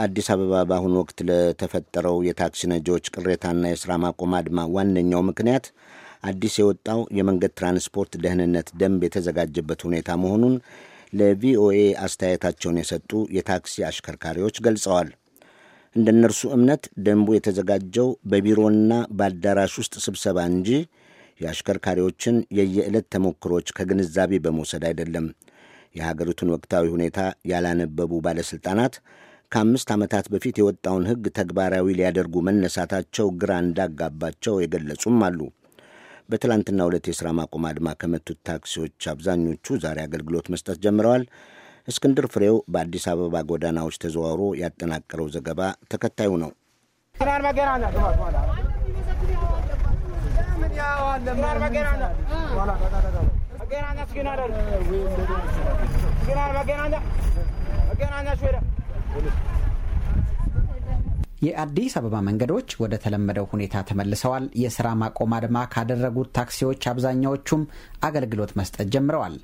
በአዲስ አበባ በአሁኑ ወቅት ለተፈጠረው የታክሲ ነጂዎች ቅሬታና የሥራ ማቆም አድማ ዋነኛው ምክንያት አዲስ የወጣው የመንገድ ትራንስፖርት ደህንነት ደንብ የተዘጋጀበት ሁኔታ መሆኑን ለቪኦኤ አስተያየታቸውን የሰጡ የታክሲ አሽከርካሪዎች ገልጸዋል። እንደ እነርሱ እምነት ደንቡ የተዘጋጀው በቢሮና በአዳራሽ ውስጥ ስብሰባ እንጂ የአሽከርካሪዎችን የየዕለት ተሞክሮች ከግንዛቤ በመውሰድ አይደለም። የሀገሪቱን ወቅታዊ ሁኔታ ያላነበቡ ባለሥልጣናት ከአምስት ዓመታት በፊት የወጣውን ሕግ ተግባራዊ ሊያደርጉ መነሳታቸው ግራ እንዳጋባቸው የገለጹም አሉ። በትላንትና ሁለት የሥራ ማቆም አድማ ከመቱት ታክሲዎች አብዛኞቹ ዛሬ አገልግሎት መስጠት ጀምረዋል። እስክንድር ፍሬው በአዲስ አበባ ጎዳናዎች ተዘዋውሮ ያጠናቀረው ዘገባ ተከታዩ ነው። መገናኛ የአዲስ አበባ መንገዶች ወደ ተለመደው ሁኔታ ተመልሰዋል። የስራ ማቆም አድማ ካደረጉት ታክሲዎች አብዛኛዎቹም አገልግሎት መስጠት ጀምረዋል።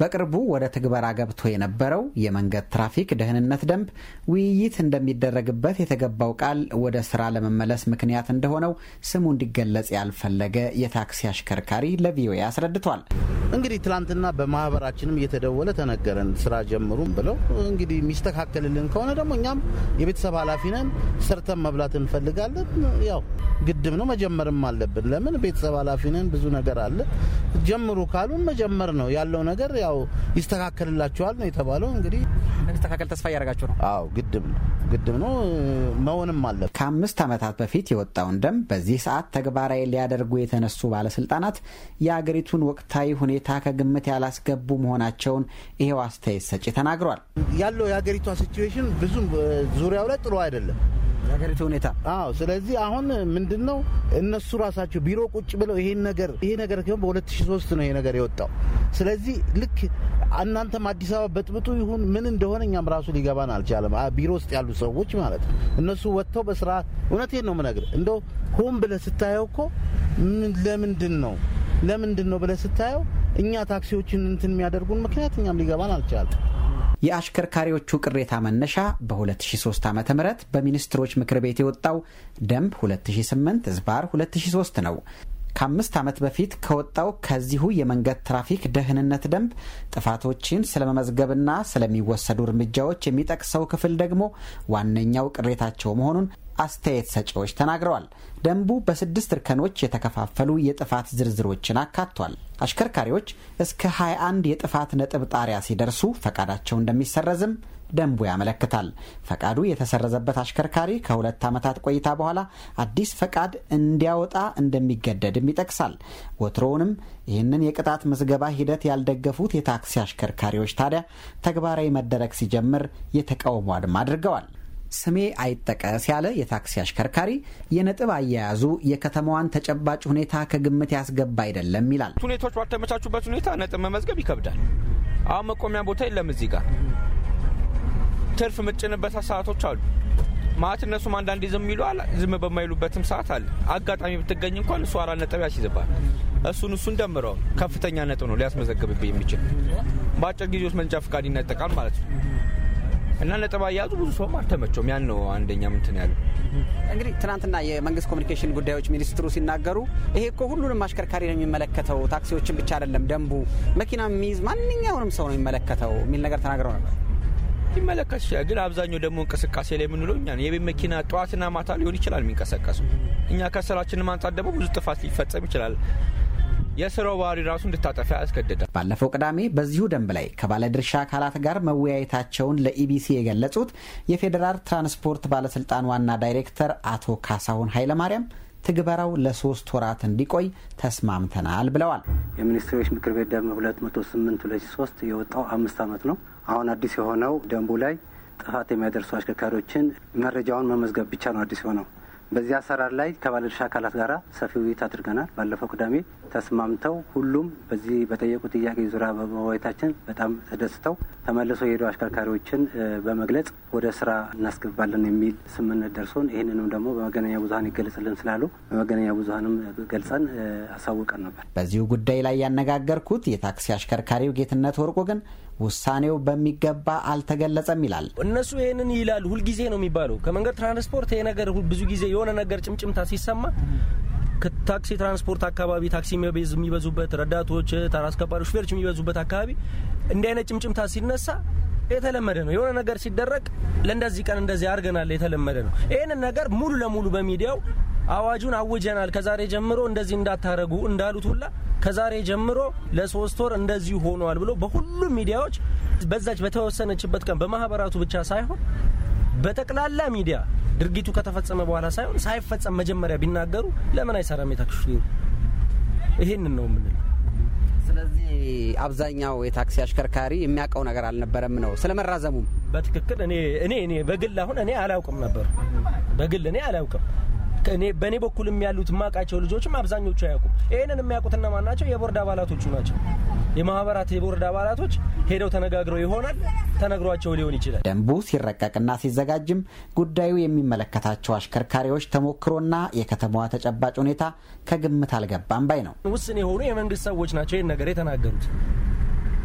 በቅርቡ ወደ ትግበራ ገብቶ የነበረው የመንገድ ትራፊክ ደህንነት ደንብ ውይይት እንደሚደረግበት የተገባው ቃል ወደ ስራ ለመመለስ ምክንያት እንደሆነው ስሙ እንዲገለጽ ያልፈለገ የታክሲ አሽከርካሪ ለቪኦኤ አስረድቷል። እንግዲህ ትላንትና በማህበራችንም እየተደወለ ተነገረን ስራ ጀምሩም ብለው እንግዲህ የሚስተካከልልን ከሆነ ደግሞ እኛም የቤተሰብ ኃላፊ ነን፣ ሰርተን መብላት እንፈልጋለን። ያው ግድም ነው መጀመርም አለብን። ለምን ቤተሰብ ኃላፊ ነን፣ ብዙ ነገር አለ። ጀምሩ ካሉን መጀመር ነው ያለው ነገር ያው ይስተካከልላቸዋል ነው የተባለው። እንግዲህ እንደሚስተካከል ተስፋ እያደረጋችሁ ነው? አዎ ግድም ነው ግድም ነው መሆንም አለ። ከአምስት ዓመታት በፊት የወጣውን ደንብ በዚህ ሰዓት ተግባራዊ ሊያደርጉ የተነሱ ባለስልጣናት የአገሪቱን ወቅታዊ ሁኔታ ከግምት ያላስገቡ መሆናቸውን ይሄው አስተያየት ሰጪ ተናግሯል። ያለው የአገሪቷ ሲትዌሽን ብዙም ዙሪያው ላይ ጥሩ አይደለም። የሀገሪቱ ሁኔታ። አዎ። ስለዚህ አሁን ምንድን ነው እነሱ ራሳቸው ቢሮ ቁጭ ብለው ይሄን ነገር ይሄ ነገር ሲሆን በ2003 ነው ይሄ ነገር የወጣው። ስለዚህ ልክ እናንተም አዲስ አበባ በጥብጡ ይሁን ምን እንደሆነ እኛም ራሱ ሊገባን አልቻለም። ቢሮ ውስጥ ያሉ ሰዎች ማለት ነው። እነሱ ወጥተው በስራ እውነቴን ነው የምነግርህ እንደው ሆን ብለህ ስታየው እኮ ለምንድን ነው ለምንድን ነው ብለህ ስታየው እኛ ታክሲዎችን እንትን የሚያደርጉን ምክንያት እኛም ሊገባን አልቻለም። የአሽከርካሪዎቹ ቅሬታ መነሻ በ2003 ዓ ም በሚኒስትሮች ምክር ቤት የወጣው ደንብ 2008 ዝባር 2003 ነው። ከአምስት ዓመት በፊት ከወጣው ከዚሁ የመንገድ ትራፊክ ደህንነት ደንብ ጥፋቶችን ስለመመዝገብና ስለሚወሰዱ እርምጃዎች የሚጠቅሰው ክፍል ደግሞ ዋነኛው ቅሬታቸው መሆኑን አስተያየት ሰጪዎች ተናግረዋል። ደንቡ በስድስት እርከኖች የተከፋፈሉ የጥፋት ዝርዝሮችን አካቷል። አሽከርካሪዎች እስከ 21 የጥፋት ነጥብ ጣሪያ ሲደርሱ ፈቃዳቸው እንደሚሰረዝም ደንቡ ያመለክታል። ፈቃዱ የተሰረዘበት አሽከርካሪ ከሁለት ዓመታት ቆይታ በኋላ አዲስ ፈቃድ እንዲያወጣ እንደሚገደድም ይጠቅሳል። ወትሮውንም ይህንን የቅጣት ምዝገባ ሂደት ያልደገፉት የታክሲ አሽከርካሪዎች ታዲያ ተግባራዊ መደረግ ሲጀምር የተቃውሞ አድማ አድርገዋል። ስሜ አይጠቀስ ያለ የታክሲ አሽከርካሪ የነጥብ አያያዙ የከተማዋን ተጨባጭ ሁኔታ ከግምት ያስገባ አይደለም ይላል። ሁኔታዎች ባልተመቻቹበት ሁኔታ ነጥብ መመዝገብ ይከብዳል። አሁን መቆሚያ ቦታ የለም። እዚህ ጋር ትርፍ ምጭንበት ሰዓቶች አሉ ማለት እነሱም አንዳንዴ ዝም ይሏል። ዝም በማይሉበትም ሰዓት አለ። አጋጣሚ ብትገኝ እንኳን እሱ አራት ነጥብ ያስይዝባል። እሱን እሱን ደምረው ከፍተኛ ነጥብ ነው ሊያስመዘግብብ የሚችል በአጭር ጊዜ ውስጥ መንጃ ፍቃድ ይነጠቃል ማለት ነው። እና ነጥብ አያያዙ ብዙ ሰውም አልተመቸውም። ያን ነው አንደኛ ምንትን ያለ እንግዲህ ትናንትና የመንግስት ኮሚኒኬሽን ጉዳዮች ሚኒስትሩ ሲናገሩ ይሄ እኮ ሁሉንም አሽከርካሪ ነው የሚመለከተው፣ ታክሲዎችን ብቻ አይደለም፣ ደንቡ መኪና የሚይዝ ማንኛውንም ሰው ነው የሚመለከተው የሚል ነገር ተናግረው ነበር። ሊመለከት ይችላል። ግን አብዛኛው ደግሞ እንቅስቃሴ ላይ የምንለው እኛ የቤት መኪና ጠዋትና ማታ ሊሆን ይችላል የሚንቀሳቀሱ እኛ ከስራችን ማንጻት ደግሞ ብዙ ጥፋት ሊፈጸም ይችላል። የስራው ባህሪ ራሱ እንድታጠፊ ያስገድዳል። ባለፈው ቅዳሜ በዚሁ ደንብ ላይ ከባለድርሻ አካላት ጋር መወያየታቸውን ለኢቢሲ የገለጹት የፌዴራል ትራንስፖርት ባለስልጣን ዋና ዳይሬክተር አቶ ካሳሁን ኃይለማርያም ትግበራው ለሶስት ወራት እንዲቆይ ተስማምተናል ብለዋል። የሚኒስትሮች ምክር ቤት ደንብ ሁለት መቶ የወጣው አምስት ዓመት ነው። አሁን አዲስ የሆነው ደንቡ ላይ ጥፋት የሚያደርሱ አሽከርካሪዎችን መረጃውን መመዝገብ ብቻ ነው አዲስ የሆነው በዚህ አሰራር ላይ ከባለድርሻ አካላት ጋራ ሰፊ ውይይት አድርገናል። ባለፈው ቅዳሜ ተስማምተው ሁሉም በዚህ በጠየቁ ጥያቄ ዙሪያ በመወያየታችን በጣም ተደስተው ተመልሶ የሄዱ አሽከርካሪዎችን በመግለጽ ወደ ስራ እናስገባለን የሚል ስምምነት ደርሶን ይህንንም ደግሞ በመገናኛ ብዙኃን ይገለጽልን ስላሉ በመገናኛ ብዙኃንም ገልጸን አሳውቀን ነበር። በዚሁ ጉዳይ ላይ ያነጋገርኩት የታክሲ አሽከርካሪው ጌትነት ወርቆ ግን ውሳኔው በሚገባ አልተገለጸም ይላል። እነሱ ይህንን ይላሉ፣ ሁልጊዜ ነው የሚባለው። ከመንገድ ትራንስፖርት ይሄ ነገር ብዙ ጊዜ የሆነ ነገር ጭምጭምታ ሲሰማ ከታክሲ ትራንስፖርት አካባቢ ታክሲ የሚበዙበት ረዳቶች፣ ተራ አስከባሪ ሹፌሮች የሚበዙበት አካባቢ እንዲህ አይነት ጭምጭምታ ሲነሳ የተለመደ ነው። የሆነ ነገር ሲደረግ ለእንደዚህ ቀን እንደዚህ አድርገናል የተለመደ ነው። ይህንን ነገር ሙሉ ለሙሉ በሚዲያው አዋጁን አውጀናል ከዛሬ ጀምሮ እንደዚህ እንዳታረጉ እንዳሉት ሁላ ከዛሬ ጀምሮ ለሶስት ወር እንደዚሁ ሆኗል ብሎ በሁሉም ሚዲያዎች በዛች በተወሰነችበት ቀን በማህበራቱ ብቻ ሳይሆን በጠቅላላ ሚዲያ ድርጊቱ ከተፈጸመ በኋላ ሳይሆን ሳይፈጸም መጀመሪያ ቢናገሩ ለምን አይሰራም? የታክሱ ይሄንን ነው የምንለው። ስለዚህ አብዛኛው የታክሲ አሽከርካሪ የሚያውቀው ነገር አልነበረም ነው ስለመራዘሙም በትክክል እኔ እኔ እኔ በግል አሁን እኔ አላውቅም ነበር በግል እኔ አላውቅም እኔ በእኔ በኩል የሚያሉት ማቃቸው ልጆችም አብዛኞቹ አያውቁም። ይህንን የሚያውቁት እነማን ናቸው? የቦርድ አባላቶቹ ናቸው። የማህበራት የቦርድ አባላቶች ሄደው ተነጋግረው ይሆናል ተነግሯቸው ሊሆን ይችላል። ደንቡ ሲረቀቅና ሲዘጋጅም ጉዳዩ የሚመለከታቸው አሽከርካሪዎች ተሞክሮና የከተማዋ ተጨባጭ ሁኔታ ከግምት አልገባም ባይ ነው። ውስን የሆኑ የመንግስት ሰዎች ናቸው ይህን ነገር የተናገሩት።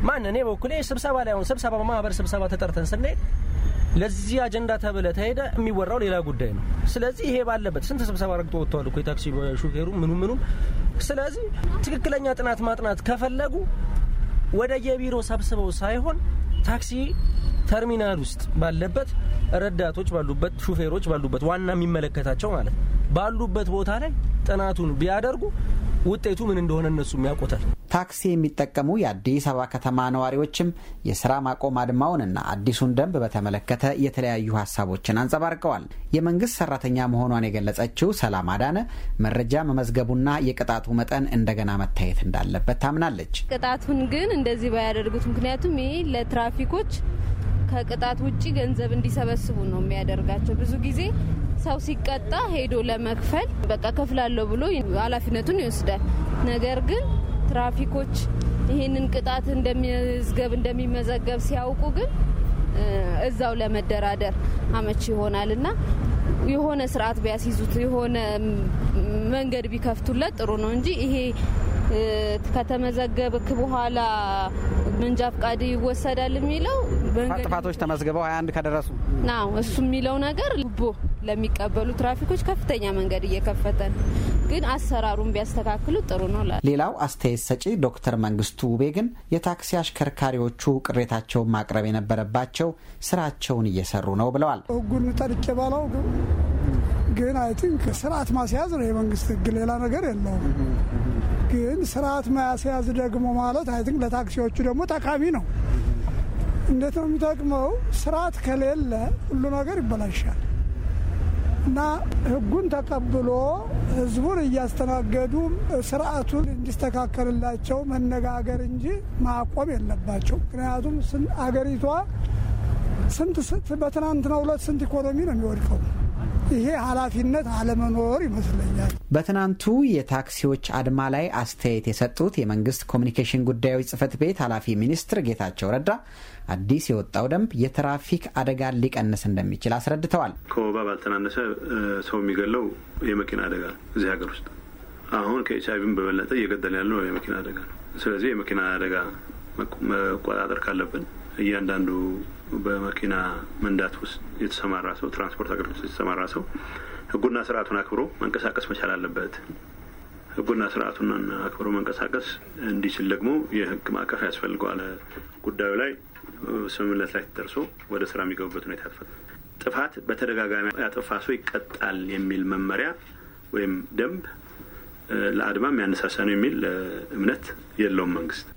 ማን እኔ በኩሌ ስብሰባ ላይ አሁን ስብሰባ በማህበር ስብሰባ ተጠርተን ስንሄድ ለዚህ አጀንዳ ተብለ ተሄደ የሚወራው ሌላ ጉዳይ ነው። ስለዚህ ይሄ ባለበት ስንት ስብሰባ ረግጦ ወጥተዋል እኮ የታክሲ ሹፌሩ ምኑ ምኑ። ስለዚህ ትክክለኛ ጥናት ማጥናት ከፈለጉ ወደ የቢሮ ሰብስበው ሳይሆን ታክሲ ተርሚናል ውስጥ ባለበት ረዳቶች ባሉበት፣ ሹፌሮች ባሉበት፣ ዋና የሚመለከታቸው ማለት ባሉበት ቦታ ላይ ጥናቱን ቢያደርጉ ውጤቱ ምን እንደሆነ እነሱ የሚያውቁታል። ታክሲ የሚጠቀሙ የአዲስ አበባ ከተማ ነዋሪዎችም የስራ ማቆም አድማውንና አዲሱን ደንብ በተመለከተ የተለያዩ ሀሳቦችን አንጸባርቀዋል። የመንግስት ሰራተኛ መሆኗን የገለጸችው ሰላም አዳነ መረጃ መመዝገቡና የቅጣቱ መጠን እንደገና መታየት እንዳለበት ታምናለች። ቅጣቱን ግን እንደዚህ ባያደርጉት፣ ምክንያቱም ይህ ለትራፊኮች ከቅጣት ውጭ ገንዘብ እንዲሰበስቡ ነው የሚያደርጋቸው። ብዙ ጊዜ ሰው ሲቀጣ ሄዶ ለመክፈል በቃ ከፍላለሁ ብሎ ኃላፊነቱን ይወስዳል። ነገር ግን ትራፊኮች ይህንን ቅጣት እንደሚዝገብ እንደሚመዘገብ ሲያውቁ ግን እዛው ለመደራደር አመች ይሆናል እና የሆነ ስርዓት ቢያስይዙት የሆነ መንገድ ቢከፍቱለት ጥሩ ነው እንጂ ይሄ ከተመዘገብክ በኋላ መንጃ ፍቃድ ይወሰዳል የሚለው ጥፋቶች ተመዝግበው 21 ከደረሱ ናው እሱ የሚለው ነገር ጉቦ ለሚቀበሉ ትራፊኮች ከፍተኛ መንገድ እየከፈተ ግን አሰራሩን ቢያስተካክሉ ጥሩ ነው ላል ሌላው አስተያየት ሰጪ ዶክተር መንግስቱ ውቤ ግን የታክሲ አሽከርካሪዎቹ ቅሬታቸውን ማቅረብ የነበረባቸው ስራቸውን እየሰሩ ነው ብለዋል። ህጉን ጠርቄ ባለው ግን አይ ቲንክ ስርዓት ማስያዝ ነው የመንግስት ህግ፣ ሌላ ነገር የለውም። ግን ስርዓት ማስያዝ ደግሞ ማለት አይ ቲንክ ለታክሲዎቹ ደግሞ ጠቃሚ ነው። እንዴት ነው የሚጠቅመው? ስርዓት ከሌለ ሁሉ ነገር ይበላሻል። እና ህጉን ተቀብሎ ህዝቡን እያስተናገዱ ስርዓቱን እንዲስተካከልላቸው መነጋገር እንጂ ማቆም የለባቸው። ምክንያቱም አገሪቷ ስንት በትናንትናው ዕለት ስንት ኢኮኖሚ ነው የሚወድቀው ይሄ ኃላፊነት አለመኖር ይመስለኛል። በትናንቱ የታክሲዎች አድማ ላይ አስተያየት የሰጡት የመንግስት ኮሚኒኬሽን ጉዳዮች ጽህፈት ቤት ኃላፊ ሚኒስትር ጌታቸው ረዳ አዲስ የወጣው ደንብ የትራፊክ አደጋን ሊቀንስ እንደሚችል አስረድተዋል። ከወባ ባልተናነሰ ሰው የሚገለው የመኪና አደጋ ነው እዚህ ሀገር ውስጥ አሁን ከኤች አይቪም በበለጠ እየገደለ ያለው የመኪና አደጋ ነው። ስለዚህ የመኪና አደጋ መቆጣጠር ካለብን እያንዳንዱ በመኪና መንዳት ውስጥ የተሰማራ ሰው ትራንስፖርት አገልግሎት ውስጥ የተሰማራ ሰው ህጉና ስርዓቱን አክብሮ መንቀሳቀስ መቻል አለበት። ህጉና ስርዓቱን አክብሮ መንቀሳቀስ እንዲችል ደግሞ የህግ ማዕቀፍ ያስፈልገዋል። ጉዳዩ ላይ ስምምነት ላይ ተደርሶ ወደ ስራ የሚገቡበት ሁኔታ ያፈል ጥፋት በተደጋጋሚ ያጠፋ ሰው ይቀጣል የሚል መመሪያ ወይም ደንብ ለአድማ የሚያነሳሳ ነው የሚል እምነት የለውም መንግስት።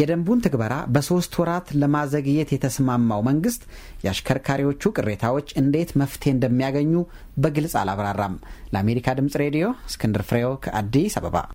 የደንቡን ትግበራ በሶስት ወራት ለማዘግየት የተስማማው መንግስት የአሽከርካሪዎቹ ቅሬታዎች እንዴት መፍትሄ እንደሚያገኙ በግልጽ አላብራራም። ለአሜሪካ ድምጽ ሬዲዮ እስክንድር ፍሬው ከአዲስ አበባ